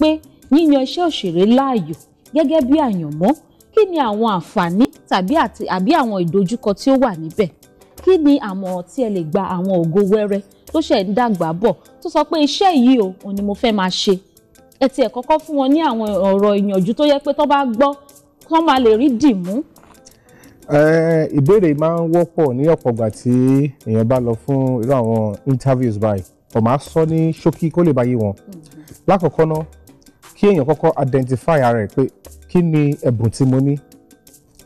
pé yíyan iṣẹ́ òṣèré láàyò gẹ́gẹ́ bí àyànmọ́ kí ni àwọn àǹfààní tàbí àbí àwọn ìdojúkọ tí ó wà níbẹ̀ kí ni àmọ̀ràn tí ẹ lè gba àwọn ògo wẹ́rẹ́ tó ṣẹ̀ ń dàgbà bọ̀ tó sọ pé iṣẹ́ yìí o ni mo fẹ́ máa ṣe ẹ tiẹ̀ kọ́kọ́ fún wọn ní àwọn ọ̀rọ̀ ìyànjú tó yẹ pé tó bá gbọ́ kán máa lè rí dì mú. ìbéèrè máa ń wọ́pọ̀ ní ọ̀pọ̀ ìgbà tí èèyàn bá lọ fún irú àwọn interviews báyìí ọ̀ máa sọ ní ṣókí kó lè bá wọn. Mm-hmm. lákọ̀ọ́kọ́ náà kí èèyàn kọ́kọ́ identify ara ẹ̀ pé kí ni ẹ̀bùn tí mo ní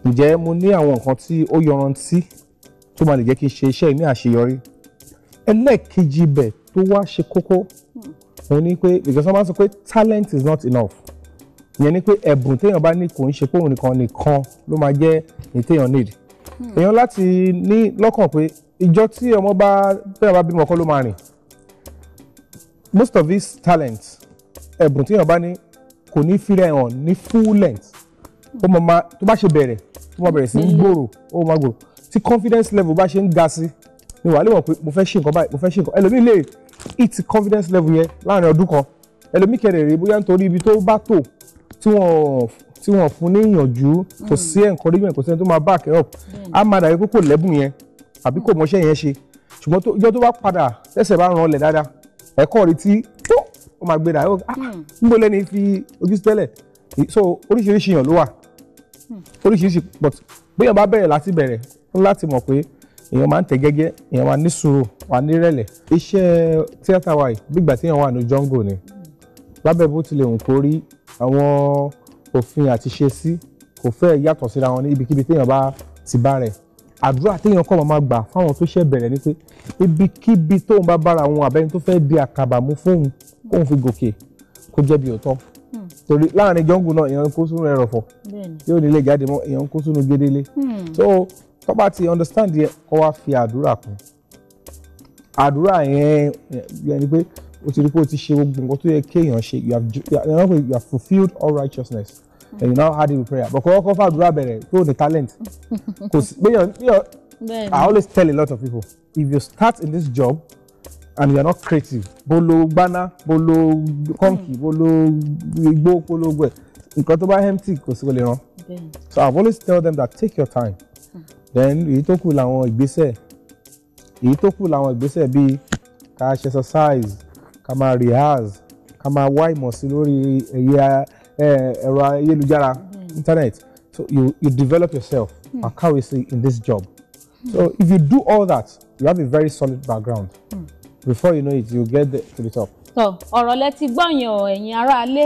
ǹjẹ́ mo ní àwọn nǹkan tí ó yọrantí tó máa lè jẹ́ kí n ṣe iṣẹ́ ní àṣeyọrí ẹlẹ́ẹ̀kejì ibẹ̀ tó wá ṣe kókó òun ni pé because wọ́n máa ń sọ pé talent is not enough ìyẹn ni pé ẹ̀bùn téèyàn bá ní kò ń ṣe pé òun nìkan nìkan ló máa jẹ́ èyí téèyàn need hmm. èèyàn láti ní lọ́kàn pé ìjọ tí ọmọ bá bẹ́ẹ̀ bá bímọ kọ́ ló máa rìn most of these talents ẹ̀bùn tí èèyàn bá ní kò ní fílẹ̀ hàn ní full length ó máa ma tó bá ṣe bẹ̀rẹ̀ ó máa bẹ̀rẹ̀ sí í mm. gbòòrò ó máa gbòòrò tí confidence level bá ṣe ń ga sí ni wàá lè mọ̀ pé mo fẹ́ ṣe nǹkan báyìí mo fẹ́ ṣe nǹkan ẹlòmíì lè hit confidence level yẹn láàrin ọdún kan ẹlòmíì kẹrẹ̀ rèé bóyá nítorí ibi tó bá tò tí wọ́n tí wọ́n fún ní ìyànjú kò sí mm. encouragement kò sẹ́ni tó máa back up á mm. máa dàbí pé kò lẹ́bùn yẹn àbí kò mọṣẹ́ yẹn ṣe ṣùgbọ́n ìjọ tó bá padà tẹ̀sẹ̀ bá ràn ọ́ lẹ̀ dáadáa ẹ̀kọ́ rí tí tó ó máa gbéra ó ah, hmm. níbo lẹ́ni fi ojú tẹ́lẹ̀ so oríṣiríṣi èèyàn ló wà hmm. oríṣiríṣi but bóyá bá bẹ̀rẹ̀ láti bẹ̀rẹ̀ láti mọ̀ pé èèyàn máa ń tẹ̀ gẹ́gẹ́ èèyàn máa ní sùúrù wà ní rẹ̀lẹ̀ iṣẹ́ tíátà wa yìí bí ìgbà tí èèyàn wà ní jungle ni lábẹ́ bó tilẹ̀ ń kórí àwọn òfin àti ṣe sí kò fẹ́ yàtọ̀ síra wọn ní ibikíbi téèyàn bá ti bá rẹ̀ àdúrà téèyàn kọ́ máa gbà fáwọn tó ṣẹ̀ bẹ̀rẹ̀ ni pé ibikíbi tóun bá bára wọn àbẹ́ni tó fẹ́ di àkàbà mú fóun kóun fi gòkè kó jẹ́ bí òótọ́ hmm. torí láàrin jọ́ngù náà èèyàn ń kó sínú ẹrọ̀fọ̀ yóò nílé jáde mọ́ èèyàn ń kó sínú gédélé hmm. so tó ti understand yẹ kó wá fi àdúrà kún àdúrà yẹn yẹn ni pé o ti rí pé o ti ṣe gbogbo nǹkan tó yẹ kéèyàn ṣe you have you have, fulfilled all righteousness hmm. and you now had it with prayer but kò kọ́ fàdúrà bẹ̀rẹ̀ kí o ní talent kò sí gbéyàn gbéyàn I always tell a lot of people if you start in this job and you are not creative bolo gbana bolo kọ́ǹkì bolo igbó bolo gbẹ nǹkan tó bá empty kò sí kò lè ràn so i always tell them that take your time hmm. then èyí tó kù làwọn ìgbésẹ̀ èyí tó kù làwọn ìgbésẹ̀ bíi ká ṣe exercise ká máa rehearse ká máa wá ìmọ̀ sí lórí ẹ̀rọ ayélujára internet so you you develop yourself hmm. and carry see in this job hmm. so if you do all that you have a very solid background. Hmm before you know it you get the, to the top. tọ ọ̀rọ̀ lẹ ti gbọ́ yẹn aráalé